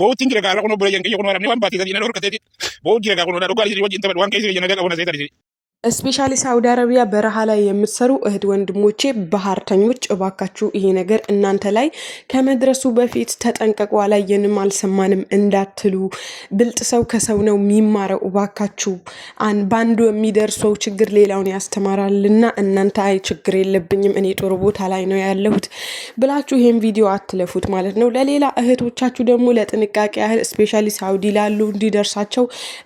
bootingira kaara kuno bula yange yokuno aramne wambati tadi na lor kateti bootingira kaara tiene un rugari እስፔሻሊ ሳውዲ አረቢያ በረሃ ላይ የምትሰሩ እህት ወንድሞቼ ባህርተኞች እባካችሁ ይሄ ነገር እናንተ ላይ ከመድረሱ በፊት ተጠንቀቁ። አላየንም አልሰማንም እንዳትሉ። ብልጥ ሰው ከሰው ነው የሚማረው። እባካችሁ በአንዱ የሚደርሰው ችግር ሌላውን ያስተማራልና እናንተ አይ ችግር የለብኝም እኔ ጦር ቦታ ላይ ነው ያለሁት ብላችሁ ይሄን ቪዲዮ አትለፉት ማለት ነው። ለሌላ እህቶቻችሁ ደግሞ ለጥንቃቄ ያህል እስፔሻሊ ሳውዲ ላሉ እንዲደርሳቸው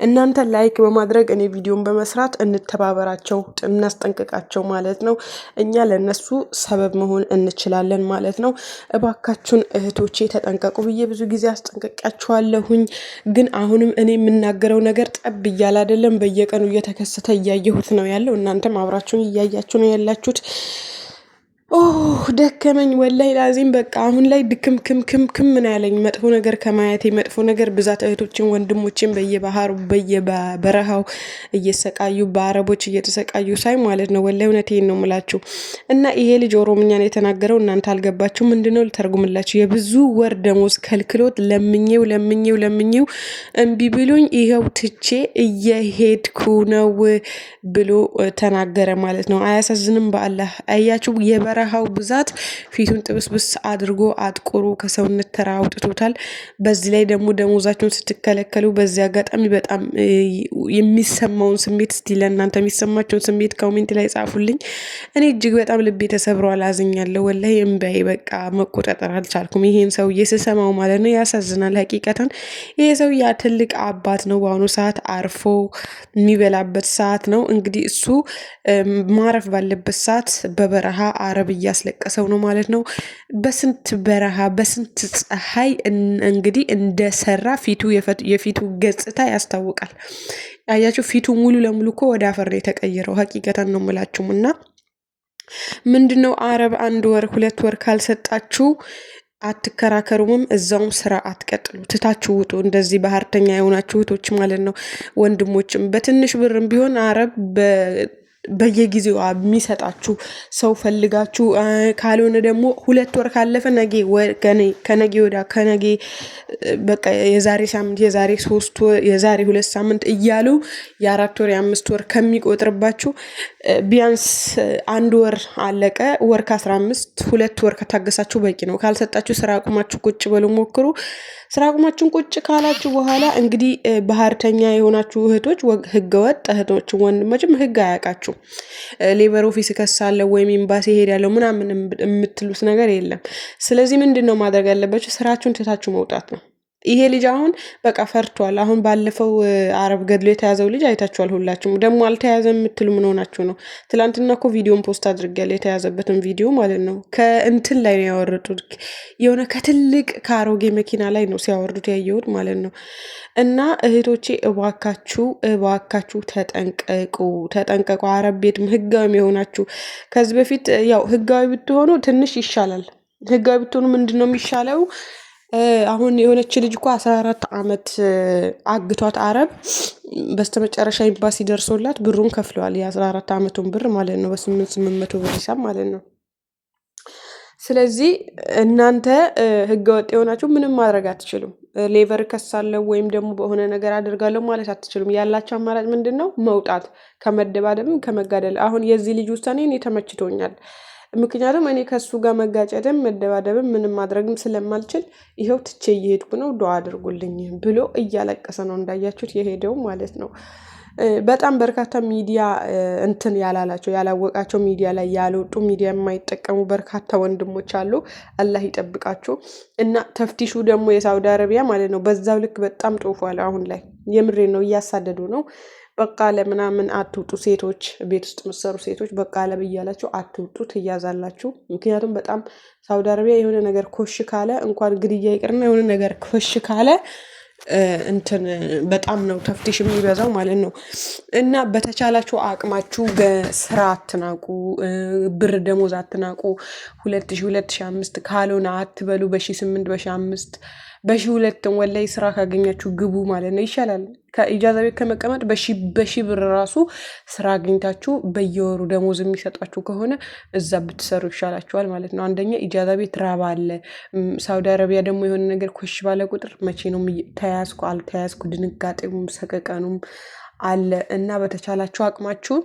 እናንተ ላይክ በማድረግ እኔ ቪዲዮን በመስራት እንተባ መተባበራቸው እናስጠንቅቃቸው ማለት ነው። እኛ ለእነሱ ሰበብ መሆን እንችላለን ማለት ነው። እባካችሁን እህቶቼ ተጠንቀቁ ብዬ ብዙ ጊዜ አስጠንቅቃችኋለሁኝ። ግን አሁንም እኔ የምናገረው ነገር ጠብ እያለ አይደለም፣ በየቀኑ እየተከሰተ እያየሁት ነው ያለው። እናንተም አብራችሁን እያያችሁ ነው ያላችሁት። ደከመኝ ወላይ ላዚም በቃ አሁን ላይ ድክም ክም ክም ክም ምን ያለኝ መጥፎ ነገር ከማየቴ መጥፎ ነገር ብዛት እህቶችን ወንድሞችን በየባህሩ በየበረሃው እየሰቃዩ በአረቦች እየተሰቃዩ ሳይ ማለት ነው። ወላይ እውነቴን ነው ምላችሁ እና ይሄ ልጅ ኦሮምኛን የተናገረው እናንተ አልገባችሁ ምንድነው? ልተርጉምላችሁ። የብዙ ወር ደሞዝ ከልክሎት ለምኜው ለምኜው ለምኜው እምቢ ብሎኝ ይኸው ትቼ እየሄድኩ ነው ብሎ ተናገረ ማለት ነው። አያሳዝንም? በአላህ አያችሁ የበራ የበረሃው ብዛት ፊቱን ጥብስብስ አድርጎ አጥቁሮ ከሰውነት ተራ አውጥቶታል። በዚህ ላይ ደግሞ ደሞዛቸውን ስትከለከሉ በዚህ አጋጣሚ በጣም የሚሰማውን ስሜት እስቲ ለእናንተ የሚሰማቸውን ስሜት ኮሜንት ላይ ጻፉልኝ። እኔ እጅግ በጣም ልቤ ተሰብሯል፣ አዝኛለሁ። ወላሂ እምባዬ በቃ መቆጣጠር አልቻልኩም። ይሄን ሰውዬ ስሰማው ማለት ነው ያሳዝናል። ሀቂቀተን ይሄ ሰው ያ ትልቅ አባት ነው። በአሁኑ ሰዓት አርፎ የሚበላበት ሰዓት ነው። እንግዲህ እሱ ማረፍ ባለበት ሰዓት በበረሃ አረብ እያስለቀሰው ነው ማለት ነው። በስንት በረሃ በስንት ፀሐይ እንግዲህ እንደሰራ ፊቱ የፊቱ ገጽታ ያስታውቃል። አያችሁ ፊቱ ሙሉ ለሙሉ እኮ ወደ አፈር የተቀየረው ሀቂቀተን ነው ምላችሁም እና ምንድን ነው አረብ አንድ ወር ሁለት ወር ካልሰጣችሁ አትከራከሩምም እዛውም ስራ አትቀጥሉ፣ ትታችሁ ውጡ። እንደዚህ ባህርተኛ የሆናችሁ እህቶች ማለት ነው ወንድሞችም በትንሽ ብርም ቢሆን አረብ በየጊዜው የሚሰጣችሁ ሰው ፈልጋችሁ ካልሆነ ደግሞ ሁለት ወር ካለፈ ነጌ ከነጌ ወዳ ከነጌ በቃ የዛሬ ሳምንት የዛሬ ሶስት ወር የዛሬ ሁለት ሳምንት እያሉ የአራት ወር የአምስት ወር ከሚቆጥርባችሁ ቢያንስ አንድ ወር አለቀ ወር ከአስራ አምስት ሁለት ወር ከታገሳችሁ በቂ ነው። ካልሰጣችሁ ስራ አቁማችሁ ቁጭ በሉ ሞክሩ። ስራ አቁማችሁን ቁጭ ካላችሁ በኋላ እንግዲህ ባህርተኛ የሆናችሁ እህቶች፣ ህገወጥ እህቶች፣ ወንድሞችም ህግ አያውቃችሁ የላችሁ። ሌበር ኦፊስ እከሳለሁ ወይም ኤምባሲ እሄዳለሁ ምናምን የምትሉት ነገር የለም። ስለዚህ ምንድን ነው ማድረግ ያለባችሁ? ስራችሁን ትታችሁ መውጣት ነው። ይሄ ልጅ አሁን በቃ ፈርቷል። አሁን ባለፈው አረብ ገድሎ የተያዘው ልጅ አይታችኋል ሁላችሁም። ደግሞ አልተያዘ የምትሉ ምን ሆናችሁ ነው? ትላንትና እኮ ቪዲዮን ፖስት አድርጌያለሁ፣ የተያዘበትን ቪዲዮ ማለት ነው። ከእንትን ላይ ነው ያወረዱት፣ የሆነ ከትልቅ ከአሮጌ መኪና ላይ ነው ሲያወርዱት ያየሁት ማለት ነው። እና እህቶቼ እባካችሁ እባካችሁ ተጠንቀቁ፣ ተጠንቀቁ። አረብ ቤትም ህጋዊም የሆናችሁ ከዚህ በፊት ያው ህጋዊ ብትሆኑ ትንሽ ይሻላል። ህጋዊ ብትሆኑ ምንድን ነው የሚሻለው? አሁን የሆነች ልጅ እኮ አስራ አራት አመት አግቷት አረብ በስተመጨረሻ ኤምባሲ ደርሶላት ብሩን ከፍለዋል። የአስራ አራት አመቱን ብር ማለት ነው በስምንት ስምንት መቶ ብር ሂሳብ ማለት ነው። ስለዚህ እናንተ ህገወጥ የሆናችሁ ምንም ማድረግ አትችሉም። ሌበር ከሳለው ወይም ደግሞ በሆነ ነገር አድርጋለሁ ማለት አትችሉም። ያላቸው አማራጭ ምንድን ነው? መውጣት ከመደባደብም ከመጋደል። አሁን የዚህ ልጅ ውሳኔ እኔ ተመችቶኛል። ምክንያቱም እኔ ከእሱ ጋር መጋጨትም መደባደብም ምንም ማድረግም ስለማልችል ይኸው ትቼ እየሄድኩ ነው፣ ዱዓ አድርጉልኝ ብሎ እያለቀሰ ነው እንዳያችሁት የሄደው ማለት ነው። በጣም በርካታ ሚዲያ እንትን ያላላቸው ያላወቃቸው ሚዲያ ላይ ያልወጡ ሚዲያ የማይጠቀሙ በርካታ ወንድሞች አሉ። አላህ ይጠብቃችሁ እና ተፍቲሹ ደግሞ የሳውዲ አረቢያ ማለት ነው። በዛው ልክ በጣም ጦፏል አሁን ላይ የምሬ ነው፣ እያሳደዱ ነው። በቃ ለምናምን አትውጡ ሴቶች፣ ቤት ውስጥ የምትሰሩ ሴቶች በቃ ለብያላችሁ አትውጡ፣ ትያዛላችሁ። ምክንያቱም በጣም ሳውዲ አረቢያ የሆነ ነገር ኮሽ ካለ እንኳን ግድያ ይቅርና የሆነ ነገር ኮሽ ካለ እንትን በጣም ነው ተፍቲሽ የሚበዛው ማለት ነው። እና በተቻላችሁ አቅማችሁ ስራ አትናቁ፣ ብር ደሞዝ አትናቁ። ሁለት ሺ ሁለት ሺ አምስት ካልሆነ አትበሉ በሺ ስምንት በሺ አምስት በሺ ሁለት ወላይ ስራ ካገኛችሁ ግቡ ማለት ነው። ይሻላል ከኢጃዛ ቤት ከመቀመጥ በሺ ብር ራሱ ስራ አግኝታችሁ በየወሩ ደሞዝ የሚሰጧችሁ ከሆነ እዛ ብትሰሩ ይሻላችኋል ማለት ነው። አንደኛ ኢጃዛ ቤት ራባ አለ። ሳውዲ አረቢያ ደግሞ የሆነ ነገር ኮሽ ባለ ቁጥር መቼ ነው ተያዝኩ አልተያዝኩ ድንጋጤውም ሰቀቀኑም አለ እና በተቻላችሁ አቅማችሁ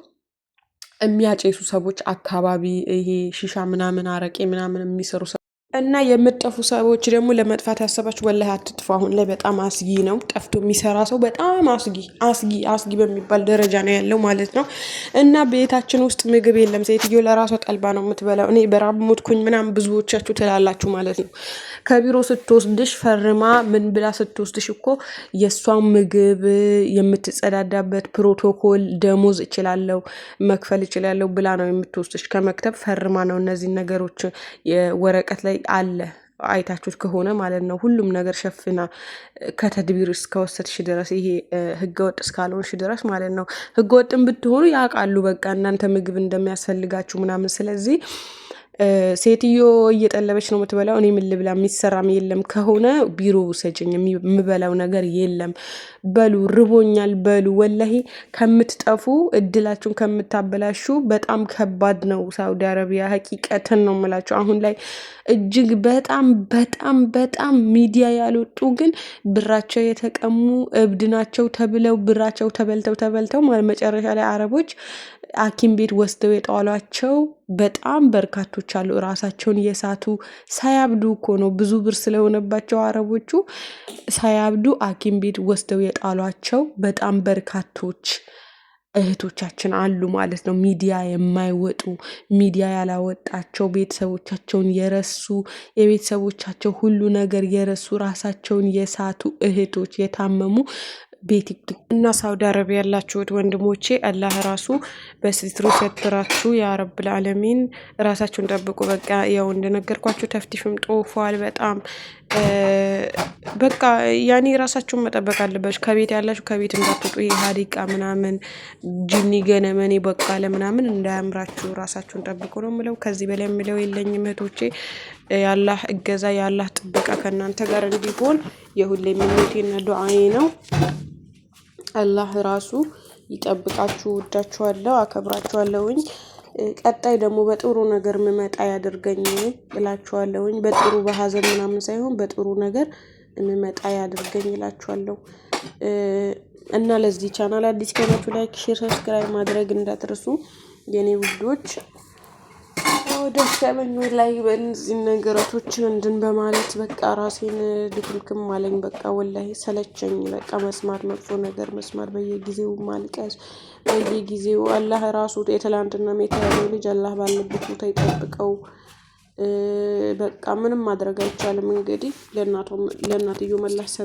የሚያጨሱ ሰዎች አካባቢ ይሄ ሺሻ ምናምን አረቄ ምናምን የሚሰሩ እና የምጠፉ ሰዎች ደግሞ ለመጥፋት ያሰባችሁ ወላሂ አትጥፉ። አሁን ላይ በጣም አስጊ ነው። ጠፍቶ የሚሰራ ሰው በጣም አስጊ አስጊ አስጊ በሚባል ደረጃ ነው ያለው ማለት ነው። እና ቤታችን ውስጥ ምግብ የለም። ሴትዮ ለራሷ ጠልባ ነው የምትበላው። እኔ በራብ ሞትኩኝ ምናምን ብዙዎቻችሁ ትላላችሁ ማለት ነው። ከቢሮ ስትወስድሽ ፈርማ ምን ብላ ስትወስድሽ እኮ የእሷን ምግብ የምትጸዳዳበት ፕሮቶኮል ደሞዝ እችላለሁ መክፈል እችላለሁ ብላ ነው የምትወስድሽ ከመክተብ ፈርማ ነው እነዚህን ነገሮች ወረቀት ላይ አለ አይታችሁት ከሆነ ማለት ነው። ሁሉም ነገር ሸፍና ከተድቢር እስከወሰድሽ ድረስ ይሄ ህገወጥ እስካልሆንሽ ድረስ ማለት ነው። ወጥን ብትሆኑ ያውቃሉ፣ በቃ እናንተ ምግብ እንደሚያስፈልጋችሁ ምናምን ስለዚህ ሴትዮ እየጠለበች ነው የምትበላው። እኔ ምን ልብላ? የሚሰራም የለም ከሆነ ቢሮ ውሰጅኝ፣ የምበላው ነገር የለም። በሉ ርቦኛል፣ በሉ ወላሂ ከምትጠፉ እድላችሁን ከምታበላሹ በጣም ከባድ ነው። ሳውዲ አረቢያ ሀቂቀትን ነው የምላችሁ። አሁን ላይ እጅግ በጣም በጣም በጣም ሚዲያ ያልወጡ ግን ብራቸው የተቀሙ እብድ ናቸው ተብለው ብራቸው ተበልተው ተበልተው መጨረሻ ላይ አረቦች ሐኪም ቤት ወስደው የጣሏቸው በጣም በርካቶች አሉ። ራሳቸውን የሳቱ ሳያብዱ እኮ ነው ብዙ ብር ስለሆነባቸው አረቦቹ ሳያብዱ ሐኪም ቤት ወስደው የጣሏቸው በጣም በርካቶች እህቶቻችን አሉ ማለት ነው። ሚዲያ የማይወጡ ሚዲያ ያላወጣቸው ቤተሰቦቻቸውን የረሱ የቤተሰቦቻቸው ሁሉ ነገር የረሱ ራሳቸውን የሳቱ እህቶች የታመሙ ቤት እና ሳውዲ አረቢያ ያላችሁት ወንድሞቼ አላህ ራሱ በስትሩ ሰትራችሁ የአረብ ለዓለሚን ራሳችሁን ጠብቁ። በቃ ያው እንደነገርኳችሁ ተፍቲሽም ጦፏል። በጣም በቃ ያኔ ራሳችሁን መጠበቅ አለባችሁ። ከቤት ያላችሁ ከቤት እንዳትወጡ። ይሄ ሀዲቃ ምናምን ጅኒ ገነመኔ በቃ ለምናምን እንዳያምራችሁ ራሳችሁን ጠብቁ ነው ምለው። ከዚህ በላይ የምለው የለኝም እህቶቼ። የአላህ እገዛ የአላህ ጥበቃ ከእናንተ ጋር እንዲሆን የሁሌ ምኞቴና ዱዓዬ ነው። አላህ ራሱ ይጠብቃችሁ። ወዳችኋለሁ፣ አከብራችኋለሁኝ። ቀጣይ ደግሞ በጥሩ ነገር ምመጣ ያድርገኝ እላችኋለሁኝ። በጥሩ በሀዘን ምናምን ሳይሆን በጥሩ ነገር ምመጣ ያድርገኝ እላችኋለሁ። እና ለዚህ ቻናል አዲስ ከሆናችሁ ላይክ፣ ሼር፣ ሰብስክራይብ ማድረግ እንዳትረሱ የኔ ውዶች። ደስ ያለኝ ላይ በእነዚህ ነገራቶች እንድን በማለት በቃ ራሴን ድክምክም አለኝ። በቃ ወላሂ ሰለቸኝ። በቃ መስማት መጥፎ ነገር መስማት፣ በየጊዜው ማልቀስ፣ በየጊዜው አላህ ራሱ የትላንትና ሜታ ልጅ አላህ ባለበት ቦታ ይጠብቀው። በቃ ምንም ማድረግ አይቻልም። እንግዲህ ለእናትዮ መላሽ